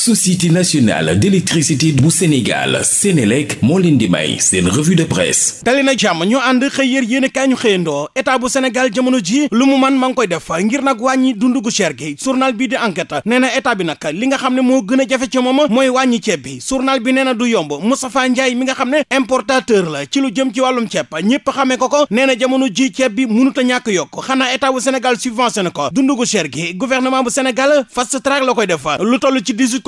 société nationale d'électricité bu Sénégal Sénélec moo leen di may seen revue de presse dali na jàmm ñu ànd xëy yér yéen kaay ñu xëyandoo état bu Sénégal jamono ji lu mu man ma ngi koy def ngir nag wàññi dundu gu cher gi journal bi di enquête nee na état bi nag li nga xam ne moo gën a jafe ci mooma mooy wàññi ceeb bi journal bi nee na du yomb musa Moustapha Ndiaye mi nga xam ne importateur la ci lu jëm ci wàllum ceeb ñëpp xamee ko ko nee na jamono ji ceeb bi mënut ñàkk yokk xanaa état bu Sénégal subventionné ko dundu gu cher gi gouvernement bu Sénégal fast track la koy def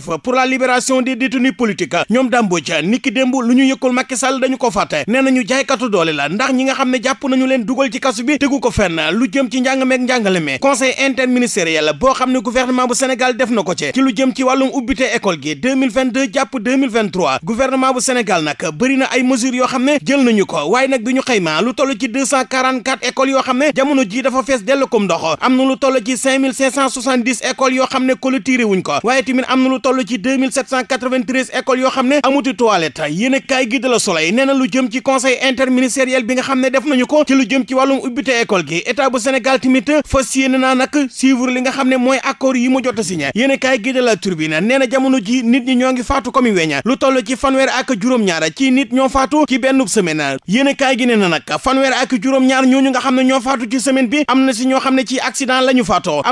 collectif pour la libération des détenus politiques ñoom dàmbo ca niki démb lu ñu yëkkul Macky dañu ko fàtte nee nañu jaaykatu doole la ndax ñi nga xam ne jàpp nañu leen dugal ci kasu bi tegu ko fenn lu jëm ci njàng meeg njàngale mi conseil interministériel boo xam ne gouvernement bu Sénégal def na ko ci ci lu jëm ci wàllum ubbite école gi 2022 jàpp 2023 gouvernement bu Sénégal nag bëri na ay mesures yoo xam ne jël nañu ko waaye nag bi ñu xayma lu toll ci 244 écoles yoo xam ne jamono ji dafa fees dell kom ndox am na lu toll ci 5570 écoles yoo xam ne clôturé ko toll ci 2793 écoles yoo xam ne amuti toilette yéen kaay gi de la Soleil nee na lu jëm ci conseil interministériel bi nga xam ne def nañu ko ci lu jëm ci wàllum ubbite école gi état bu Sénégal tamit fas yéene naa nag suivre li nga xam ne mooy accord yi mu jot a signé yéen kaay gi de nee na jamono ji nit ñi ñoo ngi faatu comme weña lu toll ci fanweer ak juróom-ñaar ci nit ñoo faatu ci benn semaine yéen kaay gi nee na nag fanweer ak juróom-ñaar ñooñu nga xam ne ñoo faatu semaine bi am na si ñoo xam ne ci accident la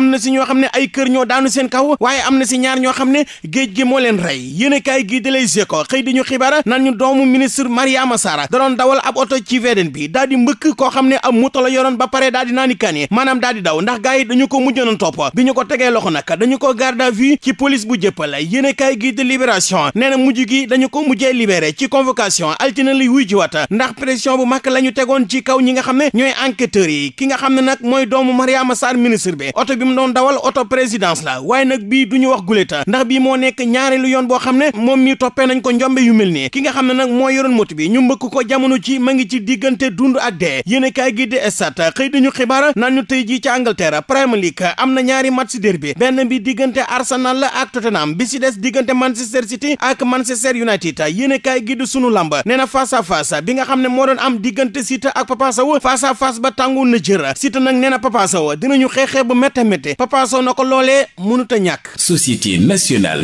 na si ñoo xam ne ay kër ñoo daanu seen kaw waaye am na si ñaar ñoo xam ne géej gi moo leen rey yéenekaay gi di Les Échos xëy di ñu xibaar naan ñu doomu ministre Mariama Sarr da doon dawal ab oto ci VDN bi daal di mbëkk koo xam ne ab moto la yoroon ba pare daal di naani kani maanaam daal di daw ndax gars yi dañu ko mujjoon topp bi ñu ko tegee loxo nag dañu ko garde à vue ci police bu jëppal yéenekaay gi di Libération nee mujj gi dañu ko mujjee libéré ci convocation altine li wuy jiwaat ndax pression bu mag la ñu tegoon ci kaw ñi nga xam ne ñooy enquêteurs yi ki nga xam ne nag mooy doomu Mariama Sarr ministre bi oto bi mu doon dawal oto présidence la waaye nag bii duñu wax moo nekk ñaareelu yoon boo xam ne moom mi toppee nañ ko njombe yu mel nii ki nga xam ne nag moo yoroon moto bi ñu mbëkk ko jamono ci ma ngi ci diggante dund ak dee yéen a kaay gi di estat xëy dañu xibaar naan ñu tey jii ci Angleterre Premier League am na ñaari match derby benn bi diggante Arsenal ak Tottenham bi si des diggante Manchester City ak Manchester United yéen a kaay gi di sunu lamba nee na face à bi nga xam ne moo doon am diggante City ak Papa Sow face à face ba na jër City nag nee na Papa Sow dinañu xeexee bu métte métte Papa Sow na ko loolee mënut a ñàkk société nationale